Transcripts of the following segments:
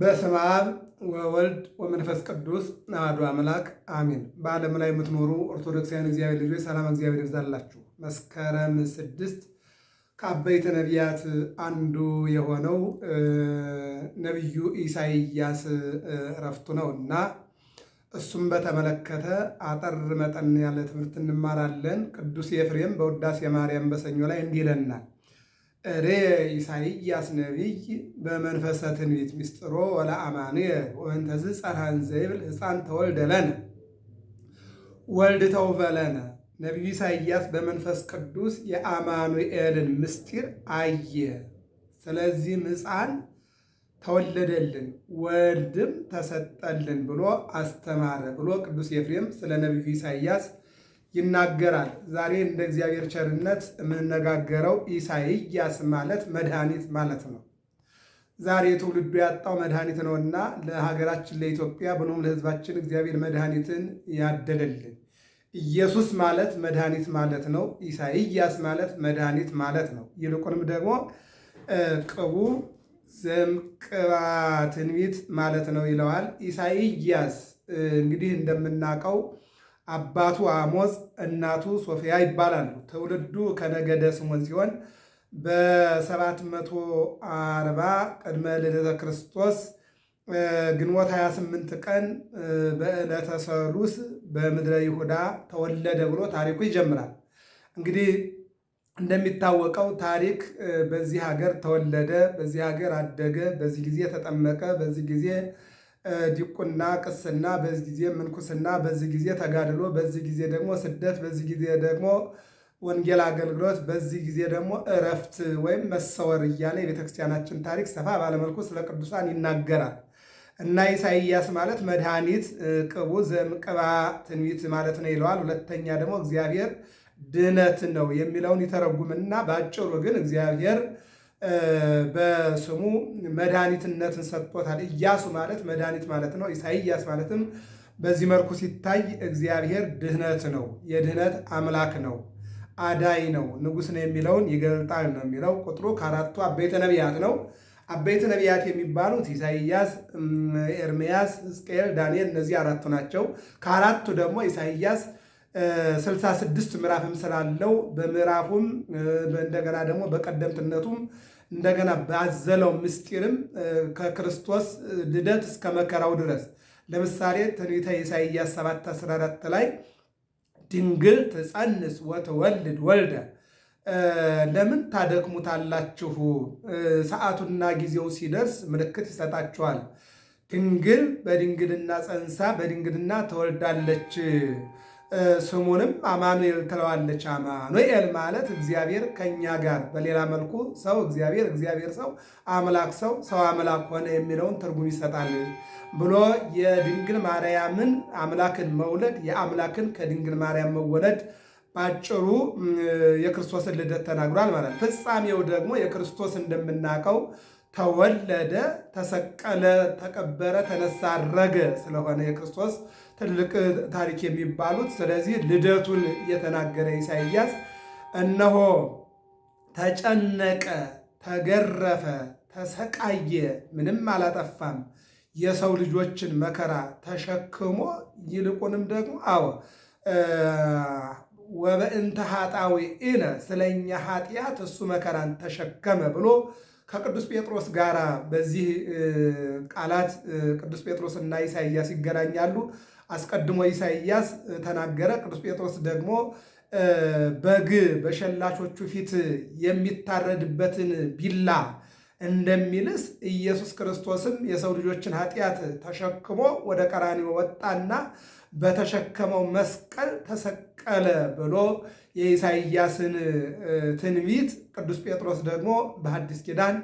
በስመ አብ ወወልድ ወመንፈስ ቅዱስ አሐዱ አምላክ አሜን። በዓለም ላይ የምትኖሩ ኦርቶዶክሳውያን እግዚአብሔር ልጆች ሰላም እግዚአብሔር ይብዛላችሁ። መስከረም ስድስት ከአበይተ ነቢያት አንዱ የሆነው ነቢዩ ኢሳይያስ እረፍቱ ነው እና እሱም በተመለከተ አጠር መጠን ያለ ትምህርት እንማራለን። ቅዱስ ኤፍሬም በውዳሴ ማርያም በሰኞ ላይ እንዲህ ይለናል ርእየ ኢሳይያስ ነቢይ በመንፈሰ ትንቢት ምስጢሮ ወለአማኑኤል ወንተዝ ጸርሐን ዘይብል ህፃን ተወልደ ወልድ ተውህበ ለነ። ነቢዩ ኢሳይያስ በመንፈስ ቅዱስ የአማኑኤልን ምስጢር አየ። ስለዚህም ሕፃን ተወለደልን ወልድም ተሰጠልን ብሎ አስተማረ ብሎ ቅዱስ ኤፍሬም ስለ ነቢዩ ኢሳይያስ ይናገራል። ዛሬ እንደ እግዚአብሔር ቸርነት የምንነጋገረው ኢሳይያስ ማለት መድኃኒት ማለት ነው። ዛሬ ትውልዱ ያጣው መድኃኒት ነውና ለሀገራችን ለኢትዮጵያ ብሎም ለሕዝባችን እግዚአብሔር መድኃኒትን ያደለልን። ኢየሱስ ማለት መድኃኒት ማለት ነው። ኢሳይያስ ማለት መድኃኒት ማለት ነው። ይልቁንም ደግሞ ቅቡ ዘምቅባ ትንቢት ማለት ነው ይለዋል ኢሳይያስ እንግዲህ እንደምናውቀው አባቱ አሞጽ እናቱ ሶፊያ ይባላሉ። ትውልዱ ከነገደ ስሞን ሲሆን በ740 ቅድመ ልደተ ክርስቶስ ግንቦት 28 ቀን በዕለተ ሰሉስ በምድረ ይሁዳ ተወለደ ብሎ ታሪኩ ይጀምራል። እንግዲህ እንደሚታወቀው ታሪክ በዚህ ሀገር ተወለደ፣ በዚህ ሀገር አደገ፣ በዚህ ጊዜ ተጠመቀ፣ በዚህ ጊዜ ዲቁና፣ ቅስና፣ በዚህ ጊዜ ምንኩስና፣ በዚህ ጊዜ ተጋድሎ፣ በዚህ ጊዜ ደግሞ ስደት፣ በዚህ ጊዜ ደግሞ ወንጌል አገልግሎት፣ በዚህ ጊዜ ደግሞ እረፍት ወይም መሰወር እያለ የቤተክርስቲያናችን ታሪክ ሰፋ ባለመልኩ ስለ ቅዱሳን ይናገራል እና ኢሳይያስ ማለት መድኃኒት ቅቡ ዘምቅባ ትንቢት ማለት ነው ይለዋል። ሁለተኛ ደግሞ እግዚአብሔር ድነት ነው የሚለውን ይተረጉምና በአጭሩ ግን እግዚአብሔር በስሙ መድኃኒትነትን ሰጥቶታል። ኢያሱ ማለት መድኃኒት ማለት ነው። ኢሳይያስ ማለትም በዚህ መልኩ ሲታይ እግዚአብሔር ድህነት ነው፣ የድህነት አምላክ ነው፣ አዳይ ነው፣ ንጉሥ ነው የሚለውን ይገልጣል ነው የሚለው። ቁጥሩ ከአራቱ አበይተ ነቢያት ነው። አበይተ ነቢያት የሚባሉት ኢሳይያስ፣ ኤርምያስ፣ ሕዝቅኤል፣ ዳንኤል እነዚህ አራቱ ናቸው። ከአራቱ ደግሞ ኢሳይያስ ስልሳስድስት ምዕራፍም ስላለው በምዕራፉም እንደገና ደግሞ በቀደምትነቱም እንደገና ባዘለው ምስጢርም ከክርስቶስ ልደት እስከ መከራው ድረስ ለምሳሌ ትንቢተ ኢሳይያስ 7:14 ላይ ድንግል ትጸንስ ወትወልድ ወልደ ለምን ታደክሙታላችሁ? ሰዓቱና ጊዜው ሲደርስ ምልክት ይሰጣችኋል። ድንግል በድንግልና ጸንሳ በድንግልና ትወልዳለች። ስሙንም አማኑኤል ትለዋለች። አማኑኤል ማለት እግዚአብሔር ከኛ ጋር፣ በሌላ መልኩ ሰው እግዚአብሔር፣ እግዚአብሔር ሰው፣ አምላክ ሰው፣ ሰው አምላክ ሆነ የሚለውን ትርጉም ይሰጣል ብሎ የድንግል ማርያምን አምላክን መውለድ የአምላክን ከድንግል ማርያም መወለድ ባጭሩ የክርስቶስን ልደት ተናግሯል ማለት ነው። ፍጻሜው ደግሞ የክርስቶስ እንደምናውቀው ተወለደ፣ ተሰቀለ፣ ተቀበረ፣ ተነሳረገ ስለሆነ የክርስቶስ ትልቅ ታሪክ የሚባሉት። ስለዚህ ልደቱን የተናገረ ኢሳይያስ እነሆ ተጨነቀ፣ ተገረፈ፣ ተሰቃየ፣ ምንም አላጠፋም የሰው ልጆችን መከራ ተሸክሞ ይልቁንም ደግሞ አዎ ወበእንተ ኃጣዊ ኢነ ስለኛ ኃጢአት እሱ መከራን ተሸከመ ብሎ ከቅዱስ ጴጥሮስ ጋር በዚህ ቃላት ቅዱስ ጴጥሮስ እና ኢሳይያስ ይገናኛሉ። አስቀድሞ ኢሳይያስ ተናገረ። ቅዱስ ጴጥሮስ ደግሞ በግ በሸላቾቹ ፊት የሚታረድበትን ቢላ እንደሚልስ ኢየሱስ ክርስቶስም የሰው ልጆችን ኃጢአት ተሸክሞ ወደ ቀራንዮ ወጣና በተሸከመው መስቀል ተሰቀለ ብሎ የኢሳይያስን ትንቢት ቅዱስ ጴጥሮስ ደግሞ በሐዲስ ኪዳን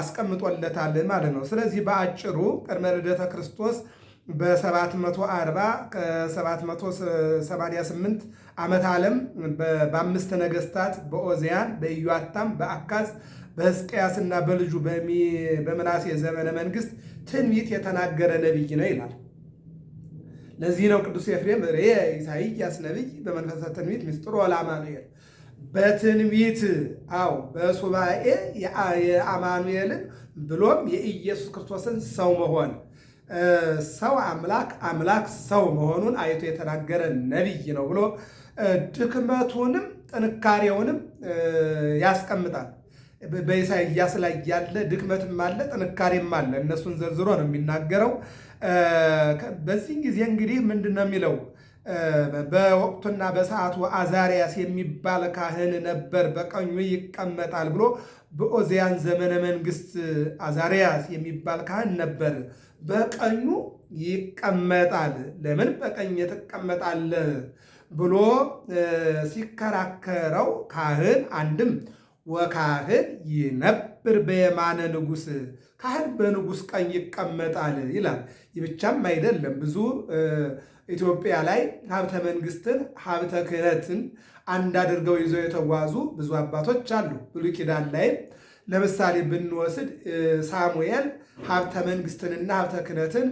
አስቀምጦለታል ማለት ነው። ስለዚህ በአጭሩ ቅድመ ልደተ ክርስቶስ በ740 788 ዓለም በአምስት ነገስታት በኦዚያን በኢዮአታም በአካዝ በሕዝቅያስና በልጁ በምናሴ ዘመነ መንግስት ትንቢት የተናገረ ነቢይ ነው ይላል። ለዚህ ነው ቅዱስ ኤፍሬም ኢሳይያስ ነቢይ በመንፈሰ ትንቢት በትንቢት በሱባኤ የአማኑኤልን ብሎም የኢየሱስ ክርስቶስን ሰው መሆን ሰው አምላክ አምላክ ሰው መሆኑን አይቶ የተናገረ ነቢይ ነው ብሎ ድክመቱንም ጥንካሬውንም ያስቀምጣል። በኢሳይያስ ላይ ያለ ድክመትም አለ ጥንካሬም አለ። እነሱን ዘርዝሮ ነው የሚናገረው። በዚህ ጊዜ እንግዲህ ምንድን ነው የሚለው? በወቅቱና በሰዓቱ አዛሪያስ የሚባል ካህን ነበር፣ በቀኙ ይቀመጣል ብሎ በኦዚያን ዘመነ መንግስት አዛሪያስ የሚባል ካህን ነበር በቀኙ ይቀመጣል። ለምን በቀኝ የተቀመጣል ብሎ ሲከራከረው ካህን አንድም ወካህን ይነብር በየማነ ንጉሥ ካህን በንጉሥ ቀኝ ይቀመጣል ይላል። ይህ ብቻም አይደለም። ብዙ ኢትዮጵያ ላይ ሀብተ መንግስትን ሀብተ ክህነትን አንድ አድርገው ይዘው የተጓዙ ብዙ አባቶች አሉ። ብሉይ ኪዳን ላይም ለምሳሌ ብንወስድ ሳሙኤል ሀብተ መንግስትንና ሀብተ ክህነትን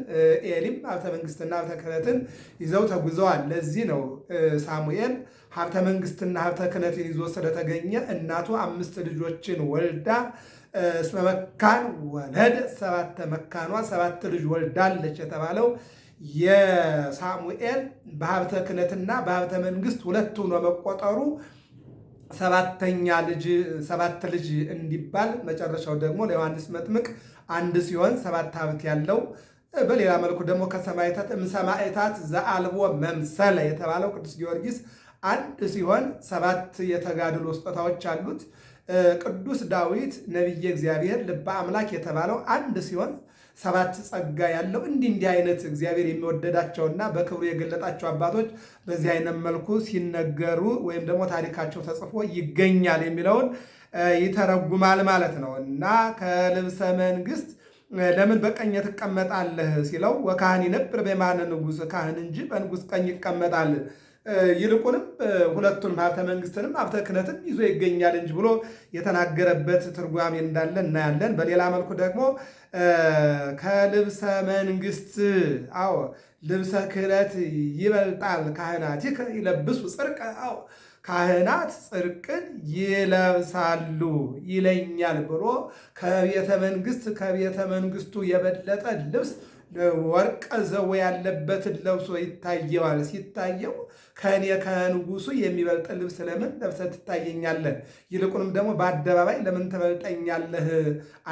ኤሊም ሀብተ መንግስትና ሀብተ ክህነትን ይዘው ተጉዘዋል። ለዚህ ነው ሳሙኤል ሀብተ መንግስትና ሀብተ ክህነትን ይዞ ስለተገኘ እናቱ አምስት ልጆችን ወልዳ እስመ መካን ወለድ ሰባተ መካኗ ሰባት ልጅ ወልዳለች የተባለው የሳሙኤል በሀብተ ክህነትና በሀብተ መንግስት ሁለት ሆኖ መቆጠሩ ሰባተኛ ልጅ ሰባት ልጅ እንዲባል መጨረሻው ደግሞ ለዮሐንስ መጥምቅ አንድ ሲሆን ሰባት ሀብት ያለው በሌላ መልኩ ደግሞ ከሰማይታት እምሰማዕታት ዘአልቦ መምሰለ የተባለው ቅዱስ ጊዮርጊስ አንድ ሲሆን ሰባት የተጋድሎ ስጦታዎች አሉት። ቅዱስ ዳዊት ነቢየ እግዚአብሔር ልበ አምላክ የተባለው አንድ ሲሆን ሰባት ጸጋ ያለው እንዲህ እንዲህ አይነት እግዚአብሔር የሚወደዳቸውና በክብሩ የገለጣቸው አባቶች በዚህ አይነት መልኩ ሲነገሩ ወይም ደግሞ ታሪካቸው ተጽፎ ይገኛል የሚለውን ይተረጉማል ማለት ነው እና ከልብሰ መንግስት ለምን በቀኝ ትቀመጣለህ ሲለው ወካህን ይነብር በየማነ ንጉሥ ካህን እንጂ በንጉሥ ቀኝ ይቀመጣል ይልቁንም ሁለቱን ሀብተ መንግስትንም ሀብተ ክህነትም ይዞ ይገኛል እንጂ ብሎ የተናገረበት ትርጓሜ እንዳለ እናያለን። በሌላ መልኩ ደግሞ ከልብሰ መንግስት አዎ ልብሰ ክህነት ይበልጣል። ካህናት ይለብሱ ጽርቅ አዎ ካህናት ጽድቅን ይለብሳሉ ይለኛል ብሎ ከቤተ መንግስት ከቤተ መንግስቱ የበለጠ ልብስ ወርቀ ዘቦ ያለበትን ለብሶ ይታየዋል። ሲታየው ከእኔ ከንጉሱ የሚበልጥ ልብስ ለምን ለብሰ ትታየኛለህ? ይልቁንም ደግሞ በአደባባይ ለምን ትበልጠኛለህ?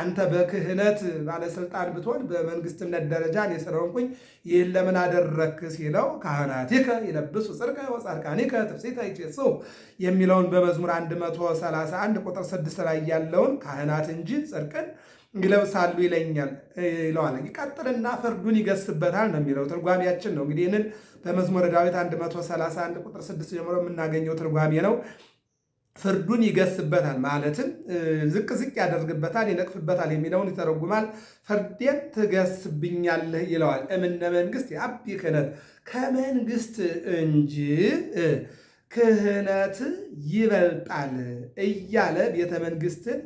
አንተ በክህነት ባለስልጣን ብትሆን በመንግስትነት ደረጃ እኔ ስለሆንኩኝ ይህን ለምን አደረክ? ሲለው ካህናቲከ ይለብሱ ጽድቀ ወጻድቃኒከ ትፍሥሕተ ይትቤጽሑ የሚለውን በመዝሙር 131 ቁጥር 6 ላይ ያለውን ካህናት እንጂ ጽድቅን ይለብሳሉ ይለኛል ይለዋል። ቀጥልና ፍርዱን ይገስበታል ነው የሚለው ትርጓሜያችን ነው። እንግዲህ ይህንን በመዝሙረ ዳዊት 131 ቁጥር 6 ጀምሮ የምናገኘው ትርጓሜ ነው። ፍርዱን ይገስበታል ማለትም ዝቅ ዝቅ ያደርግበታል፣ ይነቅፍበታል የሚለውን ይተረጉማል። ፍርዴን ትገስብኛለህ ይለዋል። እምነ መንግስት የአቢ ክህነት ከመንግስት እንጂ ክህነት ይበልጣል እያለ ቤተ መንግስትን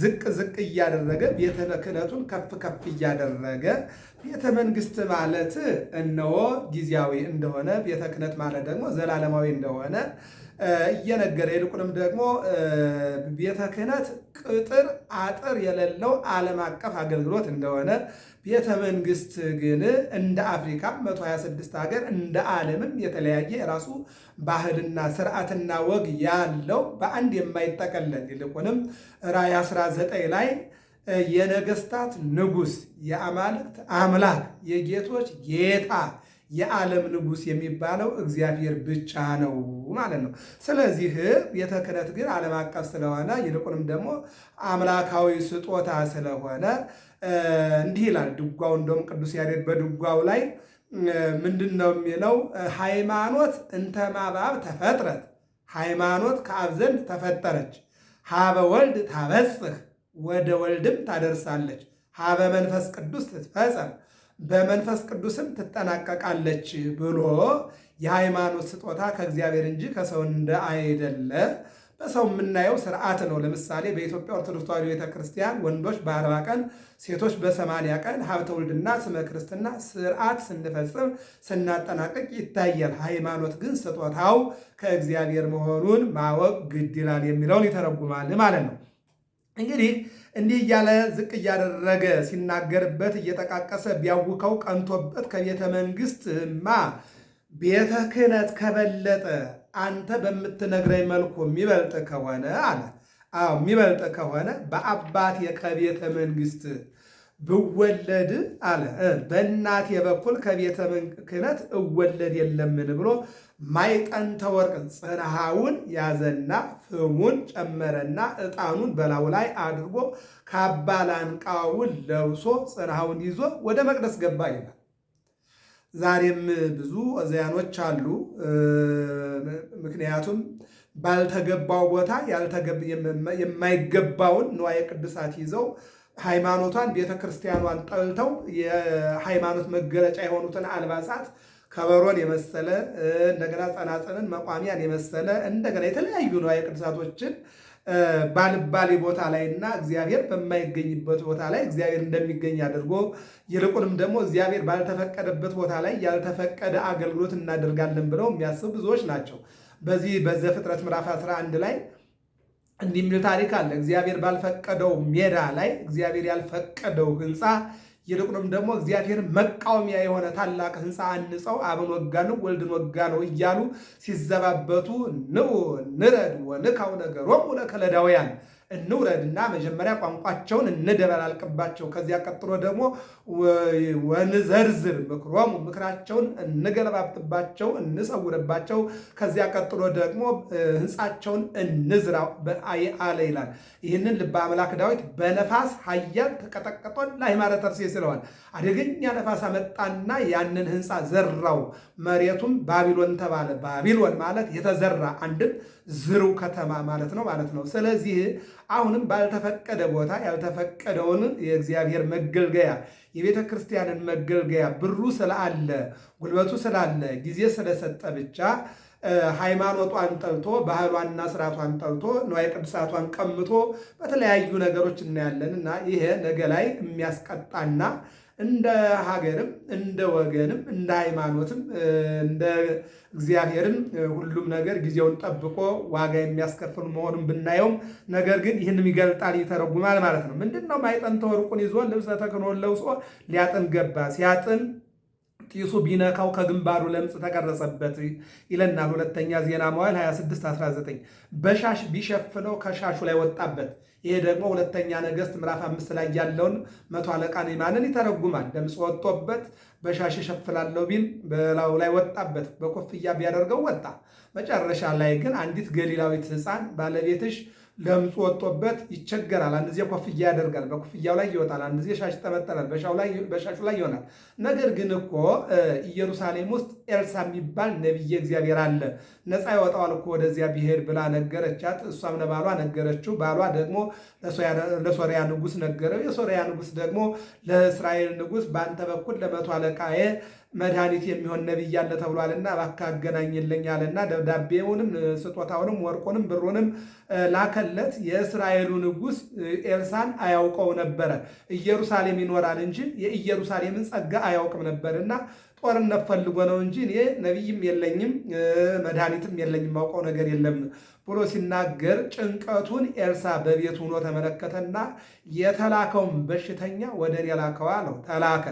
ዝቅ ዝቅ እያደረገ ቤተ ክህነቱን ከፍ ከፍ እያደረገ ቤተ መንግስት ማለት እነሆ ጊዜያዊ እንደሆነ ቤተ ክህነት ማለት ደግሞ ዘላለማዊ እንደሆነ እየነገረ ይልቁንም ደግሞ ቤተ ክህነት ቅጥር አጥር የሌለው ዓለም አቀፍ አገልግሎት እንደሆነ ቤተ መንግስት ግን እንደ አፍሪካ 126 ሀገር እንደ ዓለምም የተለያየ የራሱ ባህልና ስርዓትና ወግ ያለው በአንድ የማይጠቀለል ይልቁንም ራዕይ 19 ላይ የነገስታት ንጉስ፣ የአማልክት አምላክ፣ የጌቶች ጌታ የዓለም ንጉስ የሚባለው እግዚአብሔር ብቻ ነው ማለት ነው። ስለዚህ ቤተ ክህነት ግን ዓለም አቀፍ ስለሆነ ይልቁንም ደግሞ አምላካዊ ስጦታ ስለሆነ እንዲህ ይላል ድጓው። እንደውም ቅዱስ ያሬድ በድጓው ላይ ምንድን ነው የሚለው? ሃይማኖት ማባብ ተፈጥረት ሃይማኖት ከአብ ዘንድ ተፈጠረች። ሀበ ወልድ ታበጽህ ወደ ወልድም ታደርሳለች። ሀበ መንፈስ ቅዱስ ትትፈጸም በመንፈስ ቅዱስም ትጠናቀቃለች ብሎ የሃይማኖት ስጦታ ከእግዚአብሔር እንጂ ከሰው እንደ አይደለ በሰው የምናየው ስርዓት ነው። ለምሳሌ በኢትዮጵያ ኦርቶዶክስ ተዋሕዶ ቤተክርስቲያን ወንዶች በአርባ ቀን፣ ሴቶች በሰማንያ ቀን ሀብተ ውልድና ስመ ክርስትና ስርዓት ስንፈጽም ስናጠናቀቅ ይታያል። ሃይማኖት ግን ስጦታው ከእግዚአብሔር መሆኑን ማወቅ ግድ ይላል የሚለውን ይተረጉማል ማለት ነው። እንግዲህ እንዲህ እያለ ዝቅ እያደረገ ሲናገርበት እየጠቃቀሰ ቢያውከው ቀንቶበት ከቤተ መንግስትማ ቤተ ክህነት ከበለጠ አንተ በምትነግረኝ መልኩ የሚበልጥ ከሆነ አለ። አዎ የሚበልጥ ከሆነ በአባት የከቤተ መንግስት ብወለድ አለ በእናቴ በኩል ከቤተ ክህነት እወለድ የለምን ብሎ ማይጠንተ ተወርቅ ጽንሃውን ያዘና ፍሙን ጨመረና ዕጣኑን በላዩ ላይ አድርጎ ካባ ለብሶ ጽንሃውን ይዞ ወደ መቅደስ ገባ ይላል። ዛሬም ብዙ ኦዚያኖች አሉ። ምክንያቱም ባልተገባው ቦታ የማይገባውን ንዋየ ቅድሳት ይዘው ሃይማኖቷን ቤተ ክርስቲያኗን ጠልተው የሃይማኖት መገለጫ የሆኑትን አልባሳት ከበሮን የመሰለ እንደገና ጸናጽንን መቋሚያን የመሰለ እንደገና የተለያዩ ንዋየ ቅድሳቶችን ባልባሌ ቦታ ላይ እና እግዚአብሔር በማይገኝበት ቦታ ላይ እግዚአብሔር እንደሚገኝ አድርጎ ይልቁንም ደግሞ እግዚአብሔር ባልተፈቀደበት ቦታ ላይ ያልተፈቀደ አገልግሎት እናደርጋለን ብለው የሚያስብ ብዙዎች ናቸው። በዚህ በዘፍጥረት ምዕራፍ 11 ላይ እንዲህ የሚል ታሪክ አለ። እግዚአብሔር ባልፈቀደው ሜዳ ላይ እግዚአብሔር ያልፈቀደው ህንፃ ይልቁንም ደግሞ እግዚአብሔርን መቃወሚያ የሆነ ታላቅ ህንፃ አንጸው አብን ወጋ ነው ወልድን ወጋ ነው እያሉ ሲዘባበቱ ንዑ ንረድ ወንካው ነገር ነገሮሙ ለከለዳውያን እንውረድና መጀመሪያ ቋንቋቸውን እንደበላልቅባቸው፣ ከዚያ ቀጥሎ ደግሞ ወንዘርዝር ምክሮሙ ምክራቸውን እንገለባብጥባቸው፣ እንሰውርባቸው። ከዚያ ቀጥሎ ደግሞ ሕንፃቸውን እንዝራው አለ ይላል። ይህንን ልበ አምላክ ዳዊት በነፋስ ኃያል ተቀጠቀጦን ለአዕማደ ተርሴስ ስለዋል አደገኛ ነፋስ አመጣና ያንን ሕንፃ ዘራው፣ መሬቱም ባቢሎን ተባለ። ባቢሎን ማለት የተዘራ አንድን ዝሩ ከተማ ማለት ነው ማለት ነው። ስለዚህ አሁንም ባልተፈቀደ ቦታ ያልተፈቀደውን የእግዚአብሔር መገልገያ የቤተ ክርስቲያንን መገልገያ ብሩ ስላለ ጉልበቱ ስላለ ጊዜ ስለሰጠ ብቻ ሃይማኖቷን ጠልቶ ባህሏና ስርዓቷን ጠልቶ ንዋየ ቅድሳቷን ቀምቶ በተለያዩ ነገሮች እናያለን እና ይሄ ነገ ላይ የሚያስቀጣና እንደ ሀገርም እንደ ወገንም እንደ ሃይማኖትም እንደ እግዚአብሔርም ሁሉም ነገር ጊዜውን ጠብቆ ዋጋ የሚያስከፍሉ መሆኑን ብናየውም ነገር ግን ይህንም ይገልጣል ይተረጉማል ማለት ነው። ምንድን ነው ማይጠን ተወርቁን ይዞ ልብሰ ተክህኖን ለብሶ ሊያጥን ገባ ሲያጥን ጢሱ ቢነካው ከግንባሩ ለምጽ ተቀረጸበት ይለናል። ሁለተኛ ዜና መዋዕል 2619 በሻሽ ቢሸፍነው ከሻሹ ላይ ወጣበት። ይሄ ደግሞ ሁለተኛ ነገሥት ምዕራፍ አምስት ላይ ያለውን መቶ አለቃ ናዕማንን ይተረጉማል። ደምጽ ወጥቶበት በሻሽ እሸፍላለሁ ቢል በላዩ ላይ ወጣበት። በኮፍያ ቢያደርገው ወጣ። መጨረሻ ላይ ግን አንዲት ገሊላዊት ሕፃን ባለቤትሽ ለምጹ ወጥቶበት ይቸገራል። አንድ ጊዜ ኮፍያ ያደርጋል፣ በኮፍያው ላይ ይወጣል። አንድ ጊዜ ሻሽ ይጠመጠላል፣ በሻሹ ላይ ይሆናል። ነገር ግን እኮ ኢየሩሳሌም ውስጥ ኤልሳ የሚባል ነቢየ እግዚአብሔር አለ፣ ነፃ ይወጣዋል እኮ ወደዚያ ቢሄድ ብላ ነገረቻት። እሷም ለባሏ ነገረችው። ባሏ ደግሞ ለሶሪያ ንጉስ ነገረው። የሶሪያ ንጉስ ደግሞ ለእስራኤል ንጉስ በአንተ በኩል ለመቶ አለቃዬ መድኃኒት የሚሆን ነቢይ አለ ተብሏልና እባክህ አገናኝልኝ አለና ደብዳቤውንም ስጦታውንም ወርቁንም ብሩንም ላከለት። የእስራኤሉ ንጉሥ ኤልሳን አያውቀው ነበረ። ኢየሩሳሌም ይኖራል እንጂ የኢየሩሳሌምን ጸጋ አያውቅም ነበርና ጦርነት ፈልጎ ነው እንጂ እኔ ነቢይም የለኝም መድኃኒትም የለኝም ማውቀው ነገር የለም ብሎ ሲናገር ጭንቀቱን ኤልሳ በቤት ሆኖ ተመለከተና የተላከውን በሽተኛ ወደ እኔ ላከው አለው። ተላከ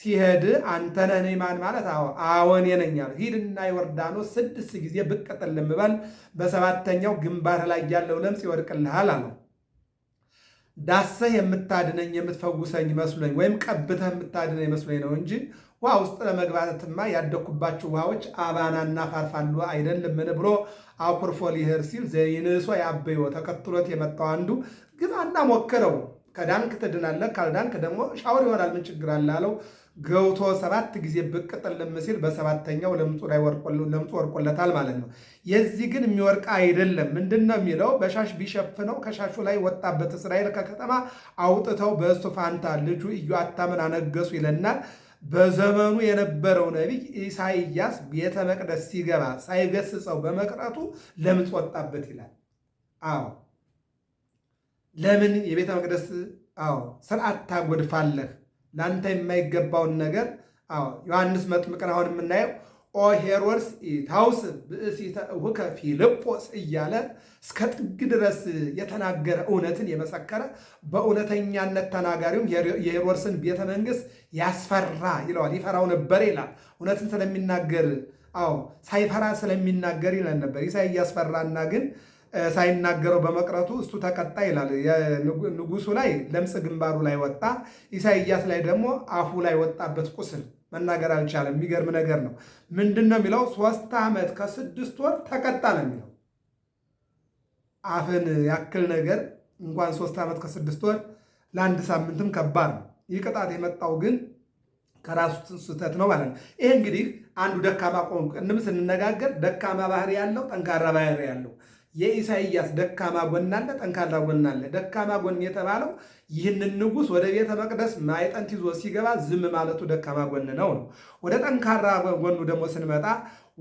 ሲሄድ አንተነህ ማን ማለት አዎ አዎን ነኝ ሂድና ዮርዳኖስ ስድስት ጊዜ ብቅ ጥልም በል በሰባተኛው ግንባር ላይ ያለው ለምጽ ይወድቅልሃል አለው። ዳሰህ የምታድነኝ የምትፈውሰኝ መስሎኝ ወይም ቀብተህ የምታድነኝ መስሎኝ ነው እንጂ ውሃ ውስጥ ለመግባትማ ያደኩባችሁ ውሃዎች አባናና ፋርፋሉ አይደለምን ብሎ አኩርፎ ሊሄድ ሲል ዘይንሶ ያበዮ ተከትሎት የመጣው አንዱ ግባና ሞክረው፣ ከዳንክ ትድናለህ፣ ካልዳንክ ደግሞ ሻወር ይሆናል፣ ምን ችግር አለ አለው። ገብቶ ሰባት ጊዜ ብቅ ጥልም ሲል በሰባተኛው ለምጹ ላይ ለምጹ ወርቆለታል ማለት ነው። የዚህ ግን የሚወርቅ አይደለም። ምንድን ነው የሚለው? በሻሽ ቢሸፍነው ከሻሹ ላይ ወጣበት። እስራኤል ከከተማ አውጥተው በእሱ ፋንታ ልጁ ኢዮአታምን አነገሱ ይለናል። በዘመኑ የነበረው ነቢይ ኢሳይያስ ቤተ መቅደስ ሲገባ ሳይገስጸው በመቅረቱ ለምጽ ወጣበት ይላል። አዎ ለምን የቤተ መቅደስ አዎ ስርዓት ታጎድፋለህ ለአንተ የማይገባውን ነገር ዮሐንስ መጥምቅን አሁን የምናየው ኦ ሄሮድስ ኢታውስ ብእሲተ ፊልጶስ እያለ እስከ ጥግ ድረስ የተናገረ እውነትን የመሰከረ በእውነተኛነት ተናጋሪውም የሄሮድስን ቤተ መንግስት ያስፈራ ይለዋል። ይፈራው ነበር ይላል። እውነትን ስለሚናገር አዎ ሳይፈራ ስለሚናገር ይለን ነበር። ኢሳይ እያስፈራና ግን ሳይናገረው በመቅረቱ እሱ ተቀጣ ይላል። ንጉሱ ላይ ለምጽ ግንባሩ ላይ ወጣ፣ ኢሳይያስ ላይ ደግሞ አፉ ላይ ወጣበት ቁስል መናገር አልቻለም። የሚገርም ነገር ነው። ምንድን ነው የሚለው? ሶስት ዓመት ከስድስት ወር ተቀጣ ነው የሚለው። አፍን ያክል ነገር እንኳን ሶስት ዓመት ከስድስት ወር ለአንድ ሳምንትም ከባድ ነው። ይህ ቅጣት የመጣው ግን ከራሱ ስህተት ነው ማለት ነው። ይህ እንግዲህ አንዱ ደካማ እንም ስንነጋገር ደካማ ባህሪ ያለው ጠንካራ ባህሪ ያለው የኢሳይያስ ደካማ ጎን አለ፣ ጠንካራ ጎን አለ። ደካማ ጎን የተባለው ይህንን ንጉሥ ወደ ቤተ መቅደስ ማዕጠንት ይዞ ሲገባ ዝም ማለቱ ደካማ ጎን ነው ነው። ወደ ጠንካራ ጎኑ ደግሞ ስንመጣ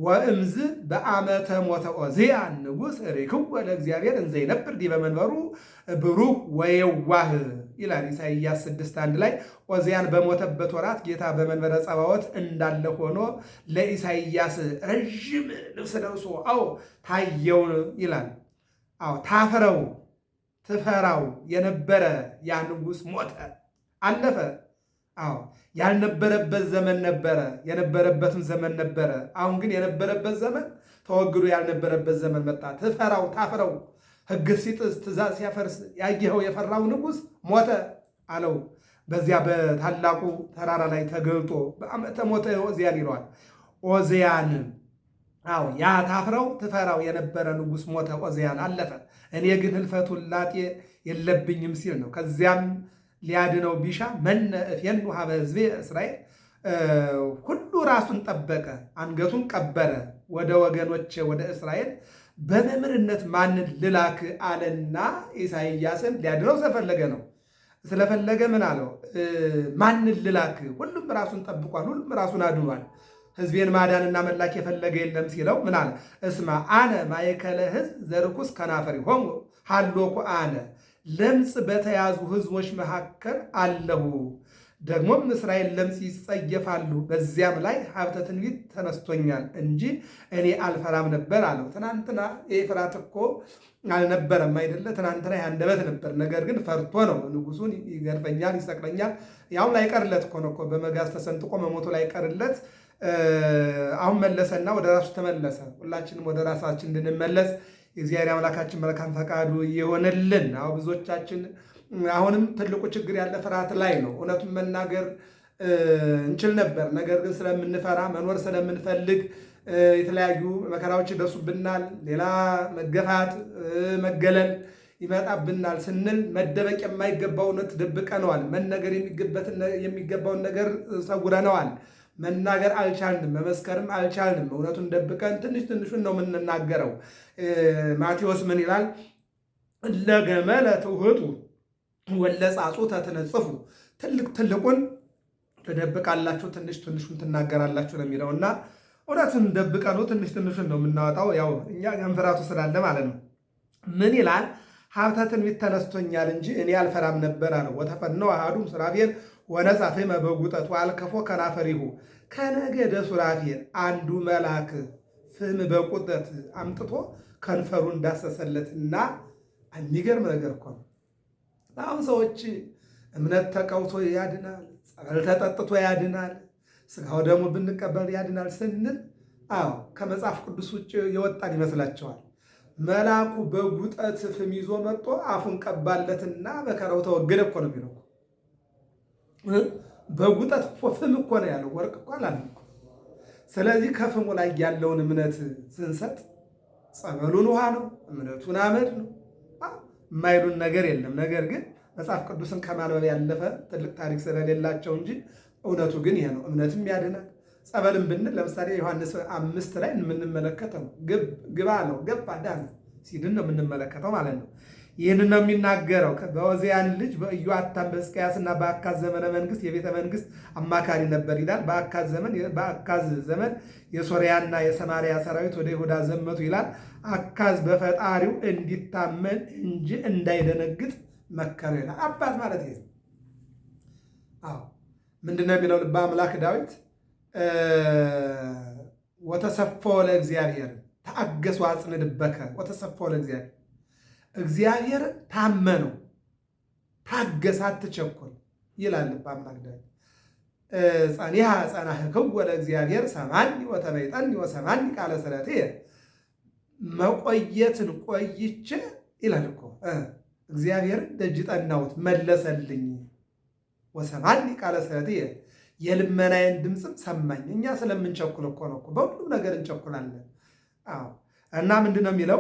ወእምዝ በአመተ ሞተ ኦዝያ ንጉሥ ሪክወ ለእግዚአብሔር እንዘ ይነብር ዲበ መንበሩ ብሩህ ወየዋህ ይላል ኢሳይያስ ስድስት አንድ ላይ ኦዚያን በሞተበት ወራት ጌታ በመንበረ ጸባዖት እንዳለ ሆኖ ለኢሳይያስ ረዥም ልብስ ለብሶ አዎ ታየው ይላል። አዎ ታፍረው ትፈራው የነበረ ያ ንጉሥ ሞተ፣ አለፈ። አዎ ያልነበረበት ዘመን ነበረ፣ የነበረበትም ዘመን ነበረ። አሁን ግን የነበረበት ዘመን ተወግዶ ያልነበረበት ዘመን መጣ። ትፈራው ታፍረው ሕግ ሲጥስ ትእዛዝ ሲያፈርስ ያየኸው የፈራው ንጉሥ ሞተ አለው። በዚያ በታላቁ ተራራ ላይ ተገልጦ በአመተ ሞተ ኦዝያን ይለዋል። ዖዝያን አዎ ያ ታፍረው ትፈራው የነበረ ንጉሥ ሞተ፣ ዖዝያን አለፈ። እኔ ግን ህልፈቱን ላጤ የለብኝም ሲል ነው። ከዚያም ሊያድነው ቢሻ መነ እፌኑ ሀበ ህዝቤ እስራኤል ሁሉ ራሱን ጠበቀ፣ አንገቱን ቀበረ ወደ ወገኖች ወደ እስራኤል በመምህርነት ማንን ልላክ አለና ኢሳይያስን ሊያድነው ስለፈለገ ነው። ስለፈለገ ምን አለው? ማንን ልላክ? ሁሉም ራሱን ጠብቋል፣ ሁሉም ራሱን አድኗል። ህዝቤን ማዳንና መላክ የፈለገ የለም ሲለው ምን አለ? እስማ አነ ማእከለ ህዝብ ዘርኩስ ከናፈሪ ሆሙ ሃሎኩ አነ ለምጽ በተያዙ ህዝቦች መካከል አለሁ ደግሞም እስራኤል ለምጽ ይጸየፋሉ፣ በዚያም ላይ ሀብተ ትንቢት ተነስቶኛል እንጂ እኔ አልፈራም ነበር አለው። ትናንትና ኤፍራት እኮ አልነበረም አይደለ? ትናንትና ያንደበት ነበር። ነገር ግን ፈርቶ ነው ንጉሱን ይገርፈኛል፣ ይሰቅለኛል። ያውም ላይቀርለት እኮ ነው እኮ በመጋዝ ተሰንጥቆ መሞቱ ላይቀርለት አሁን መለሰና ወደ ራሱ ተመለሰ። ሁላችንም ወደ ራሳችን እንድንመለስ የእግዚአብሔር አምላካችን መልካም ፈቃዱ ይሆንልን። አሁ ብዙዎቻችን አሁንም ትልቁ ችግር ያለ ፍርሃት ላይ ነው። እውነቱን መናገር እንችል ነበር። ነገር ግን ስለምንፈራ መኖር ስለምንፈልግ የተለያዩ መከራዎች ይደርሱብናል። ሌላ መገፋት፣ መገለል ይመጣብናል ስንል መደበቅ የማይገባው እውነት ደብቀነዋል። መነገር የሚገባውን ነገር ሰውረነዋል። መናገር አልቻልንም፣ መመስከርም አልቻልንም። እውነቱን ደብቀን ትንሽ ትንሹን ነው የምንናገረው። ማቴዎስ ምን ይላል? እለ ገመለ ትውህጡ ወለጻጹተ ትነጽፉ ትልቅ ትልቁን ትደብቃላችሁ፣ ትንሽ ትንሹን ትናገራላችሁ ነው የሚለው እና ደብቀ ነው ትንሽ ትንሹን ነው የምናወጣው። ያው እኛ ገንፍራቱ ስላለ ማለት ነው። ምን ይላል? ሀብተ ትንቢት ተነስቶኛል እንጂ እኔ አልፈራም ነበረ ነው። ወተፈነወ አሐዱ ሱራፌል ወነጸፈይመ በጉጠቱ አልከፎ ከናፈሪሁ ከነገደ ሱራፌል አንዱ መልአክ ፍም በቁጠት አምጥቶ ከንፈሩን ዳሰሰለትና የሚገርም ነገር እኮ ነው። አሁን ሰዎች እምነት ተቀውቶ ያድናል፣ ጸበል ተጠጥቶ ያድናል፣ ስጋው ደግሞ ብንቀበል ያድናል ስንል አዎ ከመጽሐፍ ቅዱስ ውጭ የወጣን ይመስላቸዋል። መልአኩ በጉጠት ፍም ይዞ መጥቶ አፉን ቀባለትና በከራው ተወገደ እኮ ነው የሚለው። በጉጠት ፍም እኮ ነው ያለው፣ ወርቅ እኮ አላለም። ስለዚህ ከፍሙ ላይ ያለውን እምነት ስንሰጥ ጸበሉን ውሃ ነው፣ እምነቱን አመድ ነው። የማይሉን ነገር የለም። ነገር ግን መጽሐፍ ቅዱስን ከማንበብ ያለፈ ትልቅ ታሪክ ስለሌላቸው እንጂ እውነቱ ግን ይሄ ነው። እምነትም ያድናል። ጸበልም ብንል ለምሳሌ ዮሐንስ አምስት ላይ የምንመለከተው ግባ ነው ገባ ዳነ ሲድን ነው የምንመለከተው ማለት ነው። ይህን ነው የሚናገረው። በወዚያን ልጅ በኢዮአታም በሕዝቅያስና በአካዝ ዘመነ መንግስት የቤተ መንግስት አማካሪ ነበር ይላል። በአካዝ ዘመን በአካዝ ዘመን የሶርያና ሰራዊት ወደ ይሁዳ ዘመቱ ይላል። አካዝ በፈጣሪው እንዲታመን እንጂ እንዳይደነግጥ መከረው ይላል። አባት ማለት ይሄ አዎ የሚለው በአምላክ ዳዊት ወተሰፈወ ለእግዚአብሔር ተአገሱ አጽንድበከ ወተሰፈወ ለእግዚአብሔር እግዚአብሔር ታመነው ታገሳ አትቸኩል ይላል አምላክ ዳዊት። ጸኒሐ ጸናሕክው ወደ እግዚአብሔር ሰማኒ ወተመይጠኒ ወሰማኒ ቃለ ስእለትየ መቆየትን ቆይቼ ይላል እኮ እግዚአብሔርን ደጅ ጠናሁት መለሰልኝ። ወሰማኒ ቃለ ስእለትየ የልመናዬን ድምፅም ሰማኝ። እኛ ስለምንቸኩል እኮ ነው። በሁሉም ነገር እንቸኩላለን። አዎ እና ምንድን ነው የሚለው?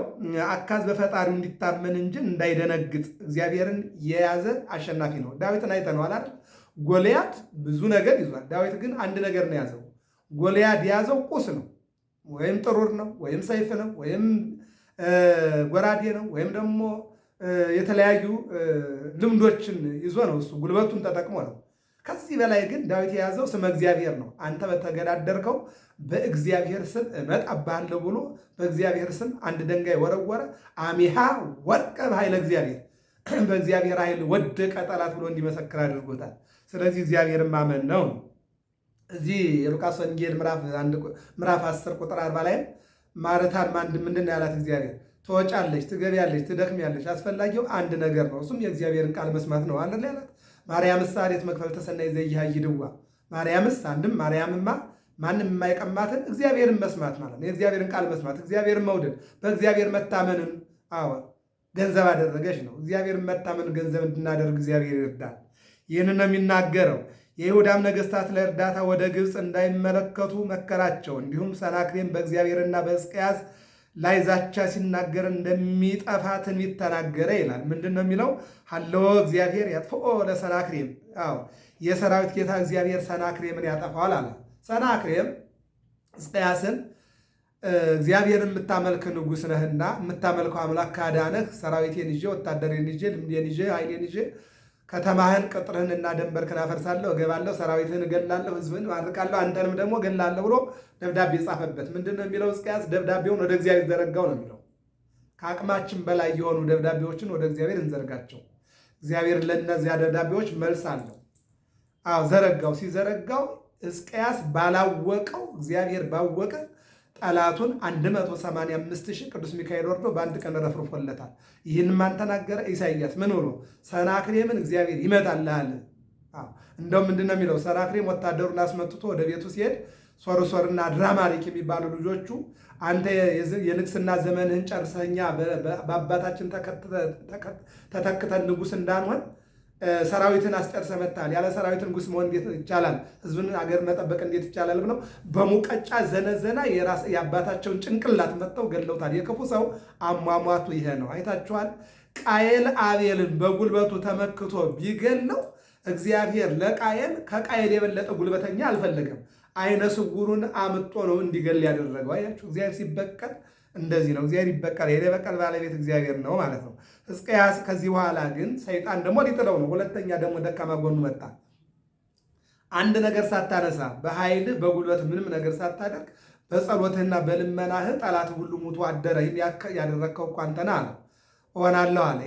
አካዝ በፈጣሪው እንዲታመን እንጂ እንዳይደነግጥ እግዚአብሔርን የያዘ አሸናፊ ነው። ዳዊትን አይተነዋል አይደል? ጎልያድ ብዙ ነገር ይዟል። ዳዊት ግን አንድ ነገር ነው የያዘው። ጎልያድ የያዘው ቁስ ነው፣ ወይም ጥሩር ነው፣ ወይም ሰይፍ ነው፣ ወይም ጎራዴ ነው፣ ወይም ደግሞ የተለያዩ ልምዶችን ይዞ ነው እሱ ጉልበቱን ተጠቅሞ ነው ከዚህ በላይ ግን ዳዊት የያዘው ስመ እግዚአብሔር ነው። አንተ በተገዳደርከው በእግዚአብሔር ስም እመጣብሃለሁ ብሎ በእግዚአብሔር ስም አንድ ደንጋይ ወረወረ። አሚሃ ወድቀ በኃይለ እግዚአብሔር፣ በእግዚአብሔር ኃይል ወደቀ ጠላት ብሎ እንዲመሰክር አድርጎታል። ስለዚህ እግዚአብሔር ማመን ነው። እዚህ የሉቃስ ወንጌል ምዕራፍ 10 ቁጥር 40 ላይም ማረታን ማንድ ምንድን ያላት እግዚአብሔር ትወጫለች፣ ትገቢያለች፣ ትደክሚያለች፣ አስፈላጊው አንድ ነገር ነው፣ እሱም የእግዚአብሔርን ቃል መስማት ነው አለ ያላት ማርያምስ አሬት መክፈል ተሰናይ ዘይሃ ይድዋ ማርያምስ አንድም ማርያምማ ማንም የማይቀማትን እግዚአብሔርን መስማት ማለት ነው። የእግዚአብሔርን ቃል መስማት፣ እግዚአብሔርን መውደድ፣ በእግዚአብሔር መታመንን አዎ ገንዘብ አደረገች ነው። እግዚአብሔርን መታመን ገንዘብ እንድናደርግ እግዚአብሔር ይርዳል። ይህንን ነው የሚናገረው። የይሁዳም ነገስታት ለእርዳታ ወደ ግብፅ እንዳይመለከቱ መከራቸው። እንዲሁም ሰናክሬም በእግዚአብሔርና በሕዝቅያስ ላይ ዛቻ ሲናገር እንደሚጠፋ ትንቢት ተናገረ ይላል። ምንድን ነው የሚለው? ሀለወ እግዚአብሔር ያጥፍኦ ለሰናክሬም። አዎ የሰራዊት ጌታ እግዚአብሔር ሰናክሬምን ያጠፋዋል አለ። ሰናክሬም ሕዝቅያስን እግዚአብሔርን የምታመልክ ንጉሥ ነህና የምታመልከው አምላክ ካዳነህ፣ ሰራዊቴን ይዤ ወታደሬን ይዤ ልምዴን ይዤ ኃይሌን ይዤ ከተማህን እና ደንበርክን አፈርሳለሁ፣ እገባለሁ፣ ሰራዊትህን እገላለሁ፣ ህዝብህን ማርቃለሁ አንተንም ደግሞ እገላለሁ ብሎ ደብዳቤ ጻፈበት። ምንድን ነው የሚለው ሕዝቅያስ? ደብዳቤውን ወደ እግዚአብሔር ዘረጋው ነው የሚለው። ከአቅማችን በላይ የሆኑ ደብዳቤዎችን ወደ እግዚአብሔር እንዘርጋቸው። እግዚአብሔር ለእነዚያ ደብዳቤዎች መልስ አለው። አዎ ዘረጋው። ሲዘረጋው ሕዝቅያስ ባላወቀው እግዚአብሔር ባወቀ ጠላቱን 185 ሺህ ቅዱስ ሚካኤል ወርዶ በአንድ ቀን ረፍርፎለታል። ይህን ማን ተናገረ? ኢሳይያስ። ምን ብሎ ሰናክሬምን እግዚአብሔር ይመታልሃል። እንደውም ምንድን ነው የሚለው? ሰናክሬም ወታደሩን አስመጥቶ ወደ ቤቱ ሲሄድ ሶርሶርና ድራማሪክ የሚባሉ ልጆቹ አንተ የንግስና ዘመንህን ጨርሰኛ በአባታችን ተተክተን ንጉስ እንዳንሆን ሰራዊትን አስጨርሰ መታል። ያለ ሰራዊት ንጉሥ መሆን እንዴት ይቻላል? ህዝብን አገር መጠበቅ እንዴት ይቻላል? ብለው በሙቀጫ ዘነዘና የራስ የአባታቸውን ጭንቅላት መጥተው ገለውታል። የክፉ ሰው አሟሟቱ ይሄ ነው። አይታችኋል። ቃየል አቤልን በጉልበቱ ተመክቶ ቢገለው እግዚአብሔር ለቃየል ከቃየል የበለጠ ጉልበተኛ አልፈለገም። አይነ ስውሩን አምጦ ነው እንዲገል ያደረገው። አያችሁ፣ እግዚአብሔር ሲበቀል እንደዚህ ነው። እግዚአብሔር ይበቀል። የበቀል ባለቤት እግዚአብሔር ነው ማለት ነው። ሕዝቅያስ ከዚህ በኋላ ግን ሰይጣን ደግሞ ሊጥለው ነው። ሁለተኛ ደግሞ ደካማ ጎኑ መጣ። አንድ ነገር ሳታነሳ በኃይል በጉልበት ምንም ነገር ሳታደርግ በጸሎትህና በልመናህ ጠላት ሁሉ ሙቶ አደረ። ያደረግከው እኮ አንተና አለ እሆናለሁ አለ።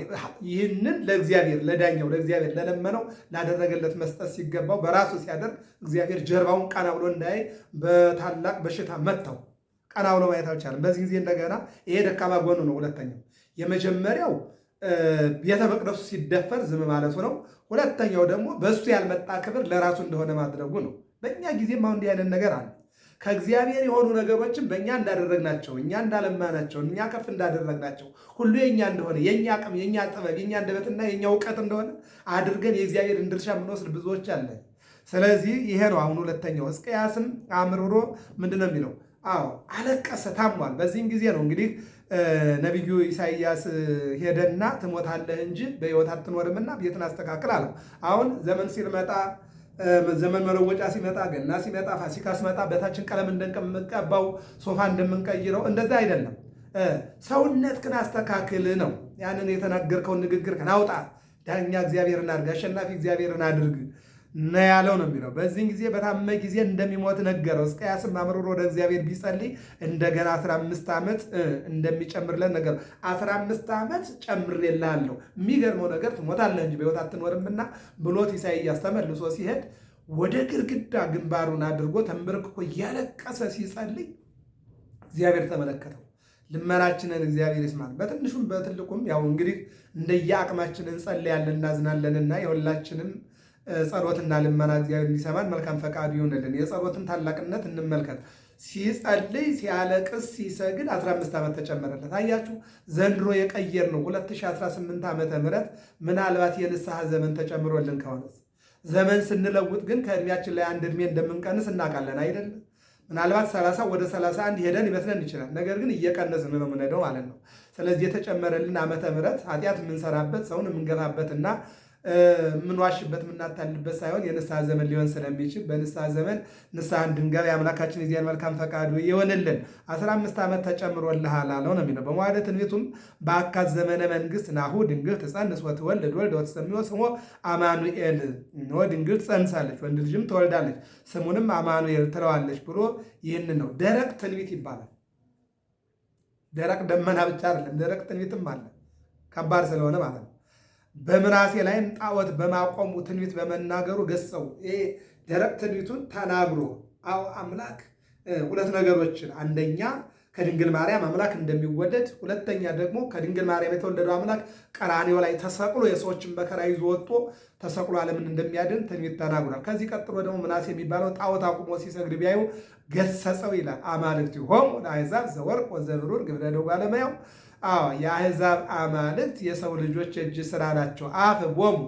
ይህንን ለእግዚአብሔር ለዳኛው ለእግዚአብሔር ለለመነው ላደረገለት መስጠት ሲገባው በራሱ ሲያደርግ እግዚአብሔር ጀርባውን ቀና ብሎ እንዳይ በታላቅ በሽታ መጥተው ቀና ብሎ ማየት አልቻለም። በዚህ ጊዜ እንደገና ይሄ ደካማ ጎኑ ነው። ሁለተኛው የመጀመሪያው ቤተ መቅደሱ ሲደፈር ዝም ማለቱ ነው። ሁለተኛው ደግሞ በእሱ ያልመጣ ክብር ለራሱ እንደሆነ ማድረጉ ነው። በእኛ ጊዜም አሁን እንዲህ አይነት ነገር አለ። ከእግዚአብሔር የሆኑ ነገሮችን በእኛ እንዳደረግናቸው፣ እኛ እንዳለማናቸው፣ እኛ ከፍ እንዳደረግናቸው ሁሉ የእኛ እንደሆነ የእኛ አቅም፣ የእኛ ጥበብ፣ የእኛ አንደበትና የእኛ እውቀት እንደሆነ አድርገን የእግዚአብሔርን ድርሻ የምንወስድ ብዙዎች አለን። ስለዚህ ይሄ ነው አሁን ሁለተኛው። ሕዝቅያስም አምርሮ ምንድን ነው የሚለው? አዎ አለቀሰ፣ ታሟል። በዚህም ጊዜ ነው እንግዲህ ነቢዩ ኢሳይያስ ሄደና ትሞታለህ እንጂ በሕይወት አትኖርምና ቤትን አስተካክል አለው። አሁን ዘመን ሲመጣ ዘመን መለወጫ ሲመጣ፣ ገና ሲመጣ፣ ፋሲካ ሲመጣ በታችን ቀለም እንደምንቀባው ሶፋ እንደምንቀይረው እንደዛ አይደለም። ሰውነት ግን አስተካክል ነው። ያንን የተናገርከውን ንግግር ክን አውጣ። ዳኛ እግዚአብሔርን አድርግ፣ አሸናፊ እግዚአብሔርን አድርግ ነ ያለው ነው የሚለው። በዚህን ጊዜ በታመ ጊዜ እንደሚሞት ነገረው። ሕዝቅያስም አምርሮ ወደ እግዚአብሔር ቢጸልይ እንደገና 15 ዓመት እንደሚጨምርለት ነገር 15 ዓመት ጨምሬልሃለሁ፣ የሚገርመው ነገር ትሞታለህ እንጂ በሕይወት አትኖርምና ብሎት ኢሳይያስ ተመልሶ ሲሄድ ወደ ግድግዳ ግንባሩን አድርጎ ተንበርክኮ እያለቀሰ ሲጸልይ እግዚአብሔር ተመለከተው። ልመናችንን እግዚአብሔር ይስማል። በትንሹም በትልቁም ያው እንግዲህ እንደየአቅማችን እንጸልያለን እናዝናለንና የሁላችንም ጸሎትና ልመና እግዚአብሔር እንዲሰማን መልካም ፈቃዱ ይሆንልን። የጸሎትን ታላቅነት እንመልከት። ሲጸልይ ሲያለቅስ ሲሰግድ 15 ዓመት ተጨመረለት። አያችሁ ዘንድሮ የቀየር ነው 2018 ዓመተ ምህረት ምናልባት የንስሐ ዘመን ተጨምሮልን ከሆነ ዘመን ስንለውጥ ግን ከእድሜያችን ላይ አንድ እድሜ እንደምንቀንስ እናውቃለን አይደለም። ምናልባት 30 ወደ 31 ሄደን ይመስለን ይችላል። ነገር ግን እየቀነስን ነው የምንሄደው ማለት ነው። ስለዚህ የተጨመረልን ዓመተ ምህረት ኃጢአት የምንሰራበት ሰውን የምንገፋበትና ምንዋሽበት የምናታልበት ሳይሆን የንስሐ ዘመን ሊሆን ስለሚችል በንስሐ ዘመን ንስሐ እንድንገባ የአምላካችን የዚያን መልካም ፈቃዱ የሆንልን። 15 ዓመት ተጨምሮልሃል አለው ነው የሚለው በመዋዕለ ትንቢቱም በአካት ዘመነ መንግስት ናሁ ድንግል ትጸንስ ወትወልድ ወልድ ወትሰምዮ ስሞ አማኑኤል፣ ድንግል ትጸንሳለች ወንድ ልጅም ትወልዳለች ስሙንም አማኑኤል ትለዋለች ብሎ ይህን ነው። ደረቅ ትንቢት ይባላል። ደረቅ ደመና ብቻ አይደለም፣ ደረቅ ትንቢትም አለ። ከባድ ስለሆነ ማለት ነው። በምናሴ ላይም ጣዖት በማቆሙ ትንቢት በመናገሩ ገሰው። ይሄ ደረቅ ትንቢቱን ተናግሮ አዎ አምላክ ሁለት ነገሮችን አንደኛ ከድንግል ማርያም አምላክ እንደሚወደድ፣ ሁለተኛ ደግሞ ከድንግል ማርያም የተወለደው አምላክ ቀራኔው ላይ ተሰቅሎ የሰዎችን መከራ ይዞ ወጥቶ ተሰቅሎ ዓለምን እንደሚያድን ትንቢት ተናግሯል። ከዚህ ቀጥሎ ደግሞ ምናሴ የሚባለው ጣዖት አቁሞ ሲሰግድ ቢያዩ ገሰጸው ይላል። አማልክት ሆም ለአሕዛብ ዘወርቅ ወዘብሩር ግብረ እደ ባለሙያው አዎ የአሕዛብ አማልክት የሰው ልጆች እጅ ስራ ናቸው። አፍ ቦሙ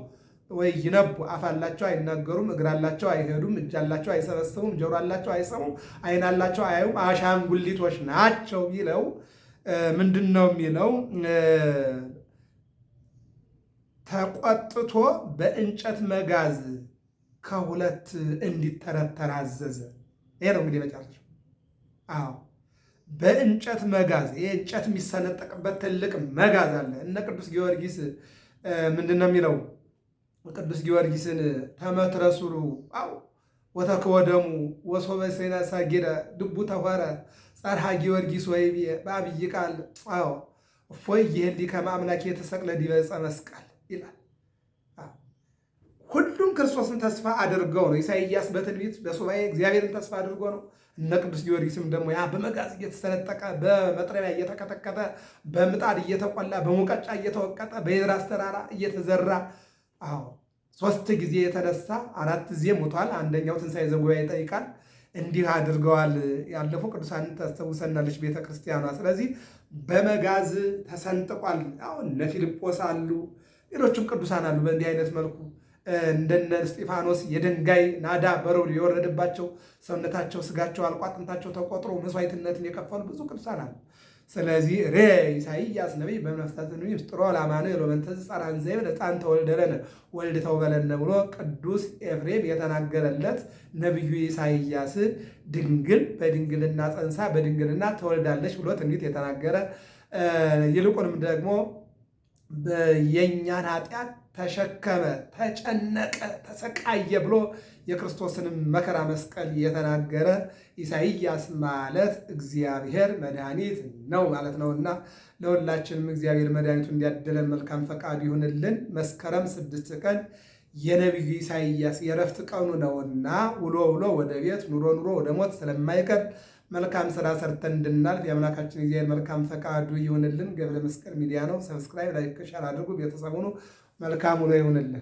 ወይ ይነቡ አፋላቸው አይናገሩም፣ እግራላቸው አይሄዱም፣ እጃላቸው አይሰበስቡም፣ አላቸው አይሰሙም፣ አይናላቸው አያዩም፣ አሻንጉሊቶች ናቸው ይለው ምንድን ነው የሚለው? ተቆጥቶ በእንጨት መጋዝ ከሁለት እንዲተረተር አዘዘ። ይሄ ነው እንግዲህ መጨረሻው። አዎ በእንጨት መጋዝ ይሄ እንጨት የሚሰነጠቅበት ትልቅ መጋዝ አለ። እነ ቅዱስ ጊዮርጊስ ምንድን ነው የሚለው? ቅዱስ ጊዮርጊስን ተመትረሱሩ አው ወተከወደሙ ወሶበ ሴና ሳጌረ ድቡ ተኋረ ጸርሃ ጊዮርጊስ ወይቤ በአብይ ቃል አዎ እፎይ ይህል ከመ የተሰቅለ ዲበ መስቀል ይላል። ሁሉም ክርስቶስን ተስፋ አድርገው ነው። ኢሳይያስ በትንቢት በሱባኤ እግዚአብሔርን ተስፋ አድርጎ ነው። እነ ቅዱስ ጊዮርጊስም ደግሞ ያ በመጋዝ እየተሰነጠቀ በመጥረቢያ እየተቀጠቀጠ በምጣድ እየተቆላ በሙቀጫ እየተወቀጠ በየራስ ተራራ እየተዘራ አዎ ሶስት ጊዜ የተነሳ አራት ጊዜ ሞቷል። አንደኛው ትንሣኤ ዘጉባኤ ይጠይቃል። እንዲህ አድርገዋል ያለፉ ቅዱሳን ታስታውሰናለች ቤተክርስቲያኗ። ስለዚህ በመጋዝ ተሰንጥቋል። አሁን እነ ፊልጶስ አሉ፣ ሌሎችም ቅዱሳን አሉ በእንዲህ አይነት መልኩ እንደነ እስጢፋኖስ የድንጋይ ናዳ በረድ የወረደባቸው ሰውነታቸው፣ ስጋቸው አልቆ አጥንታቸው ተቆጥሮ መስዋዕትነትን የከፈሉ ብዙ ቅዱሳን አሉ። ስለዚህ ሬ ኢሳይያስ ነቢይ በመፍታትን ምስጥሮ ላማነ ሎመንተዝ ጻራን ዘይብ ለጣን ተወልደለነ ወልድ ተውበለነ ብሎ ቅዱስ ኤፍሬም የተናገረለት ነቢዩ ኢሳይያስ ድንግል በድንግልና ጸንሳ በድንግልና ተወልዳለች ብሎ ትንቢት የተናገረ ይልቁንም ደግሞ የእኛን ኃጢአት ተሸከመ፣ ተጨነቀ፣ ተሰቃየ ብሎ የክርስቶስንም መከራ መስቀል የተናገረ ኢሳይያስ ማለት እግዚአብሔር መድኃኒት ነው ማለት ነውና ለሁላችንም እግዚአብሔር መድኃኒቱ እንዲያደለን መልካም ፈቃዱ ይሁንልን። መስከረም ስድስት ቀን የነቢዩ ኢሳይያስ የረፍት ቀኑ ነውና ውሎ ውሎ ወደ ቤት ኑሮ ኑሮ ወደ ሞት ስለማይቀር መልካም ስራ ሰርተን እንድናልፍ የአምላካችን እግዚአብሔር መልካም ፈቃዱ ይሁንልን። ገብረ መስቀል ሚዲያ ነው። ሰብስክራይብ፣ ላይክ፣ ሸር አድርጉ። ቤተሰብ ሁኑ። መልካም ሆኖ ይሁንልን።